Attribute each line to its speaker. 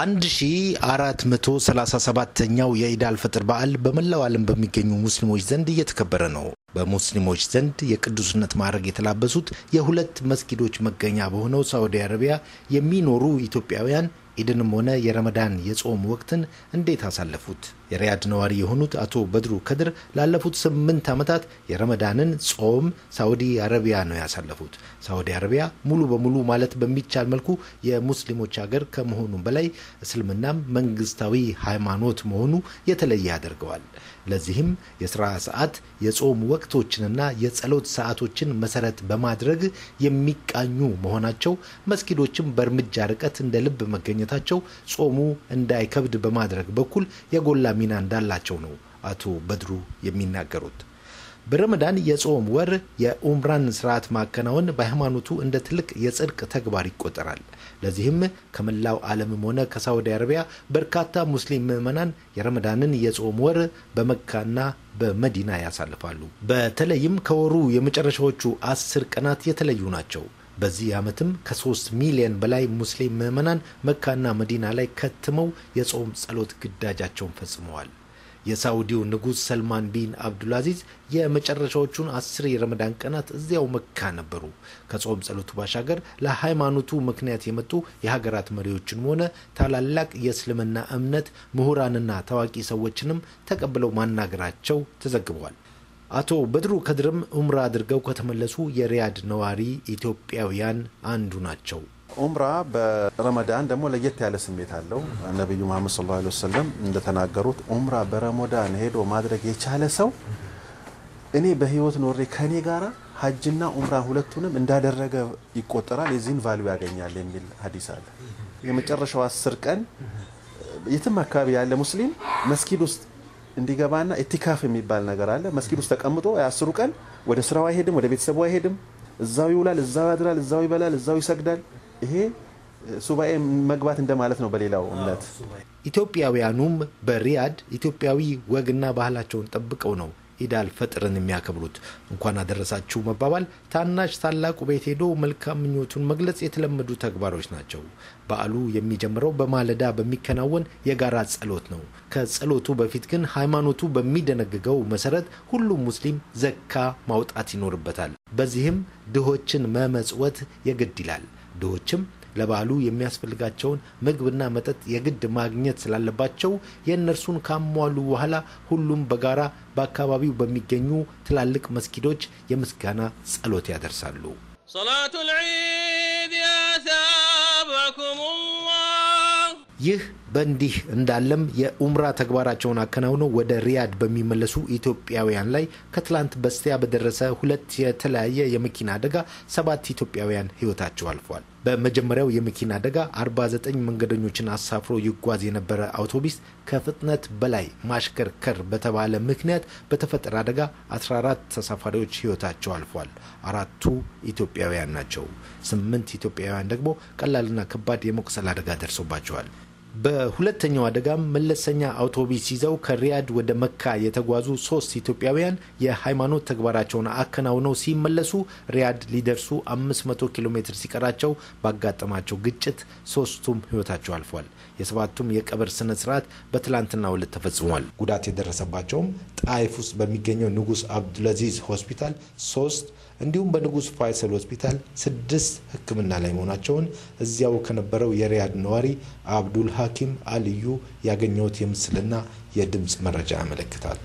Speaker 1: 1437ኛው የኢዳል ፍጥር በዓል በመላው ዓለም በሚገኙ ሙስሊሞች ዘንድ እየተከበረ ነው። በሙስሊሞች ዘንድ የቅዱስነት ማዕረግ የተላበሱት የሁለት መስጊዶች መገኛ በሆነው ሳዑዲ አረቢያ የሚኖሩ ኢትዮጵያውያን ኢድንም ሆነ የረመዳን የጾም ወቅትን እንዴት አሳለፉት? የሪያድ ነዋሪ የሆኑት አቶ በድሩ ከድር ላለፉት ስምንት ዓመታት የረመዳንን ጾም ሳዑዲ አረቢያ ነው ያሳለፉት። ሳዑዲ አረቢያ ሙሉ በሙሉ ማለት በሚቻል መልኩ የሙስሊሞች ሀገር ከመሆኑም በላይ እስልምናም መንግስታዊ ሃይማኖት መሆኑ የተለየ ያደርገዋል። ለዚህም የስራ ሰዓት፣ የጾም ወቅቶችንና የጸሎት ሰዓቶችን መሰረት በማድረግ የሚቃኙ መሆናቸው፣ መስጊዶችም በእርምጃ ርቀት እንደ ልብ መገኘታቸው ጾሙ እንዳይከብድ በማድረግ በኩል የጎላ ሚና እንዳላቸው ነው አቶ በድሩ የሚናገሩት። በረመዳን የጾም ወር የኡምራን ስርዓት ማከናወን በሃይማኖቱ እንደ ትልቅ የጽድቅ ተግባር ይቆጠራል። ለዚህም ከመላው ዓለምም ሆነ ከሳውዲ አረቢያ በርካታ ሙስሊም ምዕመናን የረመዳንን የጾም ወር በመካና በመዲና ያሳልፋሉ። በተለይም ከወሩ የመጨረሻዎቹ አስር ቀናት የተለዩ ናቸው። በዚህ ዓመትም ከሶስት ሚሊዮን በላይ ሙስሊም ምዕመናን መካና መዲና ላይ ከትመው የጾም ጸሎት ግዳጃቸውን ፈጽመዋል። የሳውዲው ንጉሥ ሰልማን ቢን አብዱልአዚዝ የመጨረሻዎቹን አስር የረመዳን ቀናት እዚያው መካ ነበሩ። ከጾም ጸሎቱ ባሻገር ለሃይማኖቱ ምክንያት የመጡ የሀገራት መሪዎችንም ሆነ ታላላቅ የእስልምና እምነት ምሁራንና ታዋቂ ሰዎችንም ተቀብለው ማናገራቸው ተዘግበዋል። አቶ በድሩ ከድርም ኡምራ አድርገው ከተመለሱ የሪያድ ነዋሪ ኢትዮጵያውያን አንዱ ናቸው።
Speaker 2: ኡምራ በረመዳን ደግሞ ለየት ያለ ስሜት አለው። ነቢዩ መሐመድ ሰለላሁ ዐለይሂ ወሰለም እንደተናገሩት ኡምራ በረመዳን ሄዶ ማድረግ የቻለ ሰው እኔ በህይወት ኖሬ ከኔ ጋራ ሀጅና ኡምራ ሁለቱንም እንዳደረገ ይቆጠራል፣ የዚህን ቫሉ ያገኛል የሚል ሀዲስ አለ። የመጨረሻው አስር ቀን የትም አካባቢ ያለ ሙስሊም መስጊድ ውስጥ እንዲገባና ኢቲካፍ የሚባል ነገር አለ። መስጊድ ውስጥ ተቀምጦ የአስሩ ቀን ወደ ስራው አይሄድም፣ ወደ ቤተሰቡ አይሄድም። እዛው ይውላል፣ እዛው ያድራል፣ እዛው ይበላል፣ እዛው ይሰግዳል። ይሄ ሱባኤ መግባት እንደማለት ነው በሌላው እምነት። ኢትዮጵያውያኑም በሪያድ ኢትዮጵያዊ ወግና ባህላቸውን ጠብቀው
Speaker 1: ነው ኢዳል ፈጥርን የሚያከብሩት። እንኳን አደረሳችሁ መባባል ታናሽ ታላቁ ቤት ሄዶ መልካም ምኞቱን መግለጽ የተለመዱ ተግባሮች ናቸው። በዓሉ የሚጀምረው በማለዳ በሚከናወን የጋራ ጸሎት ነው። ከጸሎቱ በፊት ግን ሃይማኖቱ በሚደነግገው መሰረት ሁሉም ሙስሊም ዘካ ማውጣት ይኖርበታል። በዚህም ድሆችን መመጽወት የግድ ይላል። ድሆችም ለባህሉ የሚያስፈልጋቸውን ምግብና መጠጥ የግድ ማግኘት ስላለባቸው የእነርሱን ካሟሉ በኋላ ሁሉም በጋራ በአካባቢው በሚገኙ ትላልቅ መስጊዶች የምስጋና ጸሎት ያደርሳሉ። ይህ በእንዲህ እንዳለም የኡምራ ተግባራቸውን አከናውነው ወደ ሪያድ በሚመለሱ ኢትዮጵያውያን ላይ ከትላንት በስቲያ በደረሰ ሁለት የተለያየ የመኪና አደጋ ሰባት ኢትዮጵያውያን ሕይወታቸው አልፏል። በመጀመሪያው የመኪና አደጋ 49 መንገደኞችን አሳፍሮ ይጓዝ የነበረ አውቶቡስ ከፍጥነት በላይ ማሽከርከር በተባለ ምክንያት በተፈጠረ አደጋ 14 ተሳፋሪዎች ሕይወታቸው አልፏል። አራቱ ኢትዮጵያውያን ናቸው። ስምንት ኢትዮጵያውያን ደግሞ ቀላልና ከባድ የመቁሰል አደጋ ደርሶባቸዋል። በሁለተኛው አደጋም መለሰኛ አውቶቡስ ይዘው ከሪያድ ወደ መካ የተጓዙ ሶስት ኢትዮጵያውያን የሃይማኖት ተግባራቸውን አከናውነው ሲመለሱ ሪያድ ሊደርሱ 500 ኪሎ ሜትር ሲቀራቸው ባጋጠማቸው ግጭት ሶስቱም ህይወታቸው አልፏል። የሰባቱም የቀብር ስነ ስርዓት በትላንትና ዕለት ተፈጽሟል። ጉዳት የደረሰባቸውም ጣይፍ ውስጥ በሚገኘው ንጉስ አብዱልአዚዝ ሆስፒታል ሶስት እንዲሁም በንጉስ ፋይሰል ሆስፒታል ስድስት ህክምና ላይ መሆናቸውን እዚያው ከነበረው የሪያድ ነዋሪ አብዱል ሐኪም አልዩ ያገኘሁት የምስልና የድምፅ መረጃ ያመለክታል።